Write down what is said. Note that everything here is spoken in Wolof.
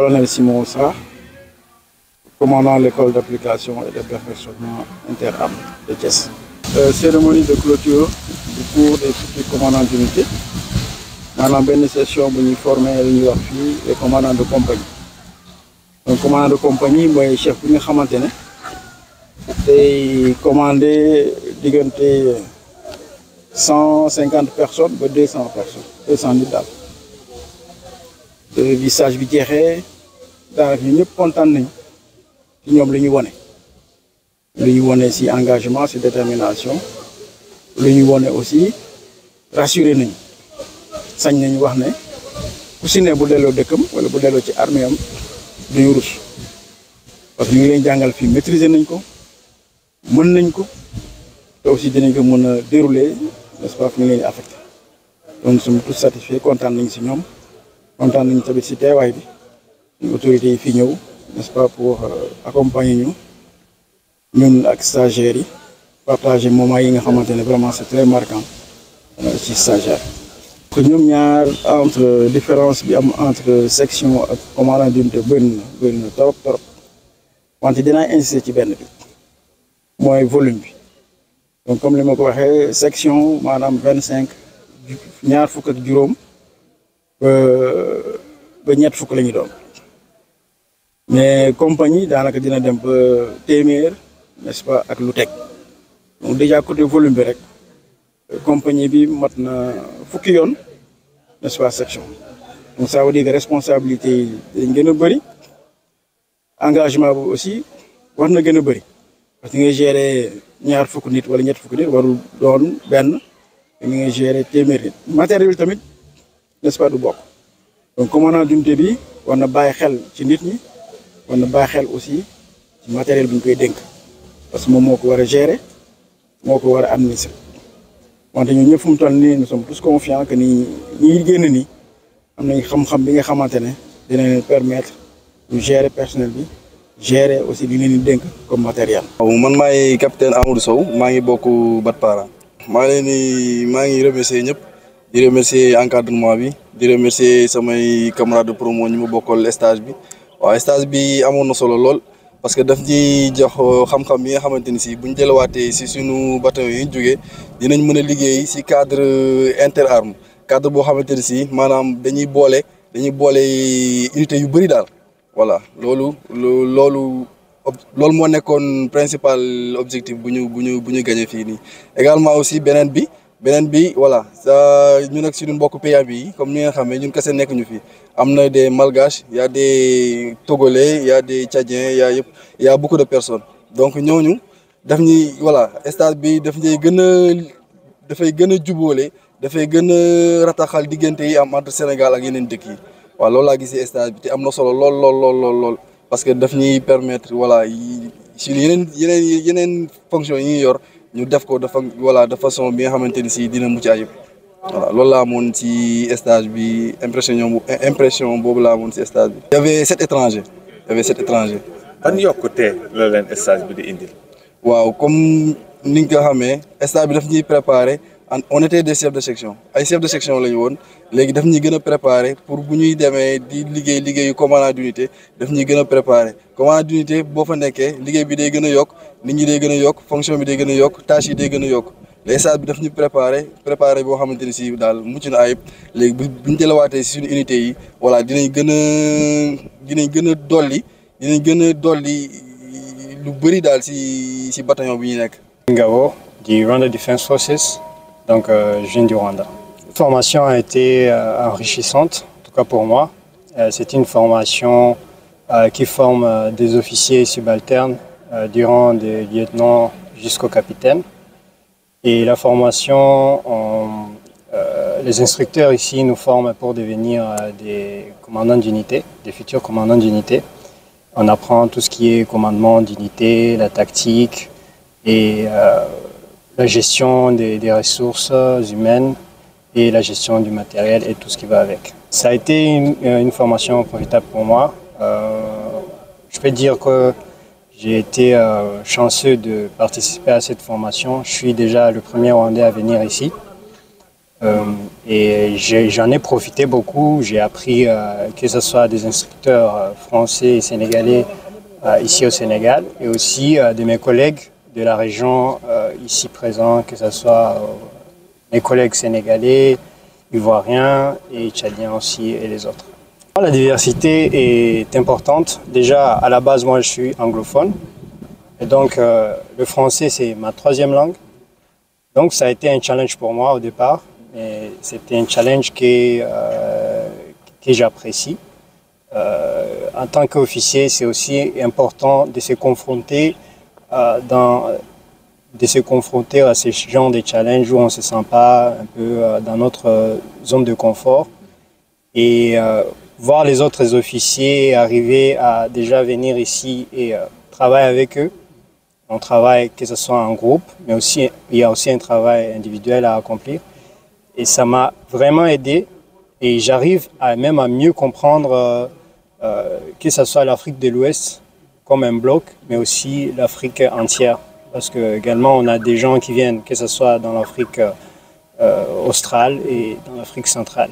Colonel Simon sax commandant l'école d'application et de perfectionnement interarmes de Thiès. Euh, cérémonie de clôture du cours des futurs commandants d'unité. maanaam benn session bu ñuy formé li ñuy wax fii les de compagnie. donc commandant de compagnie mooy chef bi nga xamante ne day commandé diggante cent cinquante personnes ba deux cent personnes deux daal. bi sage bi jeexee daanaka ñu ñëpp kontaan nañ ci ñoom lu ñuy wone lu ñu wone si engagement si détermination lu ñu wone aussi rassuré nañ sañ nañ wax ne ku si ne bu delloo dëkkam wala bu delloo ci armée am duñu rus parce que ñu ngi leen jàngal fii maîtriser nañ ko mën nañ ko te aussi danañ ko mën a dérouler n'est-ce pas fu ñu leen di affecté donc nous tous satisfaits kontaan nañ si ñoom kontaan nañ tamit si teewaay bi ñu autorité yi fi ñëw n'est-ce pour euh, accompagner ñu mun ak stagiaires yi partager moment yi nga xamante ne vraiment c'est très marquant euh, ci stagiaire que ñoom ñaar entre différence bi am entre section ak commandant d'unité bëri na bëri na wante dinaa insister ci benn bi mooy volume bi donc comme li ma ko waxee section maanaam vingt cinq ñaar fukk ak juróom ba ñett fukk lañu ñu doon mais compagnie daanaka dina dem ba téeméer n'est-ce pas ak lu teg donc déjà côté volume bi rek compagnie bi mat na fukki yoon n'est-ce pas section donc ça veut dire responsabilité dañ gën a bëri engagement bi aussi war na gën a bëri parce que nga gérer ñaar fukk nit wala ñett fukk nit waru doon benn nga gérer téeméer nit matériel tamit. n'est-ce pas du bokk donc commandant d'unité bi war na bàyyi xel ci nit ñi war na bàyyi xel aussi matériel bi ñu koy dénk parce que moom moo ko war a gérer moo ko war a administrer wante ñun ñëpp fu mu toll nii nous sommes tous confiants que ni ñi génn nii am nañ xam-xam bi nga xamante ne dina leen permettre ñu gérer personnel bi gére aussi li leen di dénk comme matériel. waaw man maay capitaine Amadou Sow maa ngi bokk Batpara. maa ngi leen maa ngi remercier ñëpp. di remercier encadrement bi di remercier samay camarade de promo ñu ma bokkal stage bi waaw stage bi amoon na solo lool parce que daf ñuy jox euh, xam-xam yi nga xamante ni si bu ñu jëlawaatee si sunu bataillon yi jógee dinañ mën a liggéey si cadre euh, inter arme cadre boo xamante ni si maanaam dañuy boole dañuy boole unité yu bëri daal voilà loolu loolu. loolu moo nekkoon principal objectif bu ñu bu ñu bu ñu gagné fii nii également aussi beneen bi beneen bi voilà ñu nag suñu mbokk paysan bi comme ni nga xam ne ñun kese nekk ñu fi am na des malgaches ya a des togolais y a des tchadiens y a yëpp y a de personnes donc ñooñu daf ñuy voilà stade bi daf ñuy gën a dafay gën a jubóole dafay gën a rataxal diggante yi am entre Sénégal ak yeneen dëkk yi waaw loolu laa gisee stade bi te am na solo lool lool lool parce que daf ñuy permettre voilà si yeneen yeneen yeneen fonction yi ñuy yor. ñu def ko dafa voilà de façon bi nga xamante ni si dina mucc ayib voilà loolu laa amoon si stage bi impression impression boobu laa amoon si stage bi. y avait sept étrangers y avait sept étrangers. ban yokkute la leen stage bi di indil. waaw comme ni nga ko xamee stage bi daf ñuy préparer. on était des chefs de section ay chefs de section la ñu woon léegi daf ñuy gën a préparer pour bu ñuy demee di liggéey liggéeyu commandant d'unité daf ñuy gën a préparer commandant d'unité boo fa nekkee liggéey bi day gën a yokk nit ñi day gën a yokk fonction bi day gën a yokk tâche yi day gën a yokk léegi saat bi daf ñu préparer préparer boo xamante ni si daal mucc na ayib léegi bu bu ñu delawaatee si suñu unité yi voilà dinañ gën a dinañ gën a dolli dinañ gën a dolli lu bëri daal si si bataillon bi ñu nekk. Ngabo di Rwanda Defense Forces. Donc, euh, je viens du Rwanda. formation a été euh, enrichissante, en tout cas pour moi. Euh, c'est une formation euh, qui forme euh, des officiers subalternes, durant des lieutenants jusqu'au capitaine. Et la formation, les instructeurs ici nous forment pour devenir des commandants d'unité, des futurs commandants d'unité. On apprend tout ce qui est commandement d'unité, la tactique et la gestion des, des, ressources humaines et la gestion du matériel euh, formation euh, je peux dire que j'ai été euh, chanceux de participer à cette formation. Je suis déjà le premier Rwandais à venir ici. et j'en ai, profité beaucoup. J'ai appris que ce soit des instructeurs français et sénégalais ici au Sénégal et aussi de mes collègues de la région euh, ici présents, que ce soit euh, mes collègues sénégalais, ivoiriens et tchadiens aussi et les autres. La diversité est importante. Déjà, à la base, moi, je suis anglophone. Et donc, euh, le français, c'est ma troisième langue. Donc, ça a été un challenge pour moi au départ. Mais c'était un challenge qui, euh, que j'apprécie. Euh, en tant qu'officier, c'est aussi important de se confronter Euh, dans, de se confronter à ces genres de challenges où on se sent pas un peu euh, dans notre euh, zone de confort et voir les autres officiers arriver à déjà venir ici et travailler avec eux. On travaille que ce soit en groupe, mais aussi il y a aussi un travail individuel à accomplir. Et ça m'a vraiment aidé et j'arrive à même à mieux comprendre euh, que ce soit l'Afrique de l'Ouest comme un bloc, mais aussi l'Afrique entière. Parce que également, on a des gens qui viennent, que ce soit dans l'Afrique euh, australe et dans l'Afrique centrale.